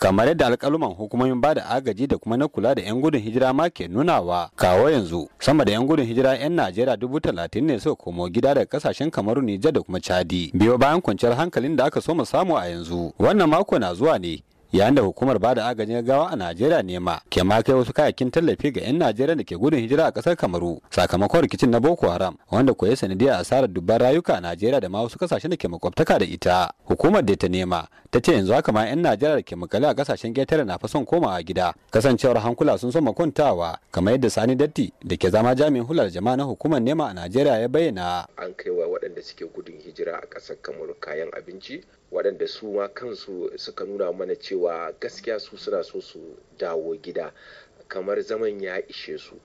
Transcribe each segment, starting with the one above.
kamar yadda alkaluman hukumomin ba da agaji da kuma na kula da 'yan gudun hijira ma ke nunawa kawo yanzu sama da 'yan gudun hijira 'yan najeriya dubu talatin ne suka komo gida daga kasashen kamaru nijar da kuma chadi biyo bayan kwanciyar hankalin da aka so mu samu a yanzu wannan mako na zuwa ne yayin da hukumar ba da agajin gawa a najeriya ne ma ke ma kai wasu kayakin tallafi ga 'yan najeriya da ke gudun hijira a kasar kamaru sakamakon rikicin na boko haram wanda koya sanadiyar asarar dubban rayuka a najeriya da ma wasu kasashen da ke makwabtaka da ita hukumar da ta nema ta ce yanzu haka ma 'yan najeriya da ke makale a kasashen ƙetare na fa komawa gida kasancewar hankula sun so makwantawa kamar yadda sani datti da ke zama jami'in hular jama'a na hukumar nema a najeriya ya bayyana an kaiwa waɗanda suke gudun hijira a ƙasar kamaru kayan abinci waɗanda su ma kansu suka nuna mana cewa gaskiya su suna so su dawo gida kamar zaman ya ishe su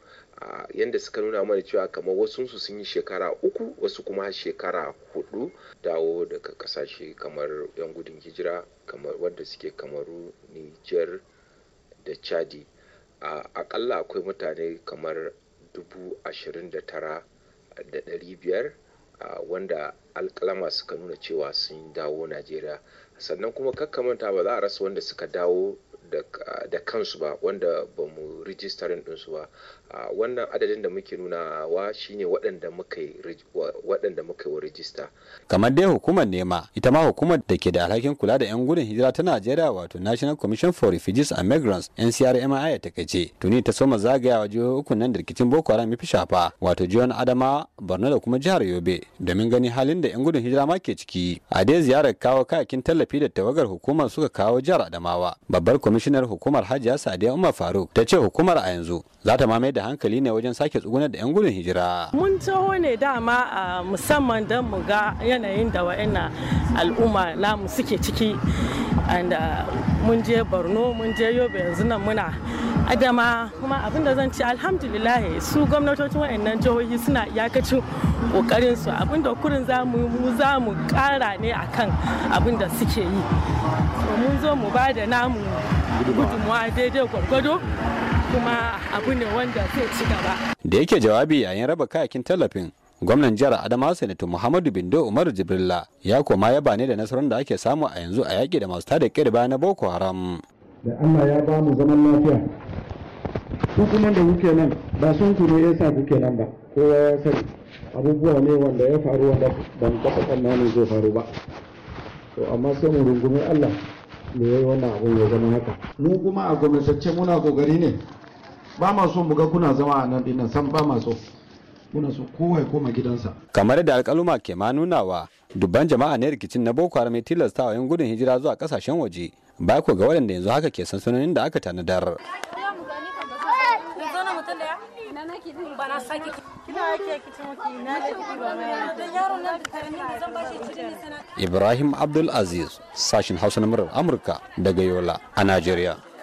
yadda suka nuna mana cewa kamar wasu sun yi shekara uku wasu kuma shekara hudu dawo daga kasashe kamar yan gudun hijira kamar wadda suke kamaru niger da chadi akalla akwai mutane kamar dubu ashirin da tara da biyar wanda alkalama suka nuna cewa sun dawo najeriya sannan kuma kakkamanta ba za a rasa wanda suka dawo da kansu ba wanda ba mu rijistarin ɗinsu ba wannan adadin da muke nunawa shine waɗanda muka yi wa rijista kamar dai hukumar nema ita ma hukumar da ke da alhakin kula da 'yan gudun hijira ta najeriya wato national commission for refugees and migrants ncrmi ya takaice tuni ta soma zagayawa jihohi uku nan da rikicin boko haram ya fi shafa wato jihar adama borno da kuma jihar yobe domin gani halin da 'yan gudun hijira ma ke ciki a dai ziyarar kawo kayakin tallafi da tawagar hukumar suka kawo jihar adamawa babbar kwamishin kwamishinar hukumar hajiya sadiya umar faruk ta ce hukumar a yanzu za ta mamaye da hankali ne wajen sake tsugunar da 'yan gudun hijira mun taho ne dama a musamman don mu ga yanayin da wa'ina al'umma namu suke ciki and uh, mun je borno mun je yobe yanzu nan muna adama kuma abin da zan ce alhamdulillah su gwamnatocin waɗannan jihohi suna iyakacin kokarin su abin da kurin za mu mu za mu kara ne akan abin da suke yi mun zo mu ba da namu gudunmuwa daidai gwargwado kuma abu ne wanda zai ci gaba da yake jawabi yayin raba kayakin tallafin gwamnan jihar adama sanatu muhammadu bindo umaru jibrilla ya koma yaba ne da nasarar da ake samu a yanzu a yaƙi da masu tada kirba na boko haram da allah ya ba mu zaman lafiya su kuma da kuke nan ba sun ku ne yasa kuke nan ba ko ya sani abubuwa ne wanda ya faru wanda ban taɓa tsammanin zai faru ba to amma sai mu rungumi Allah me yayi wannan abun ya zama haka mu kuma a gwamnatacce muna kokari ne ba ma so mu ga kuna zama a nan dinnan san ba ma so kuna so kowa ya koma gidansa kamar da alƙaluma ke ma nunawa dubban jama'a ne rikicin na boko haram tilasta tilastawa yan gudun hijira zuwa kasashen waje ba ko ga waɗanda yanzu haka ke sansanonin da aka tanadar Ibrahim Abdul Aziz sashin Hausa na murar Amurka daga Yola a Najeriya.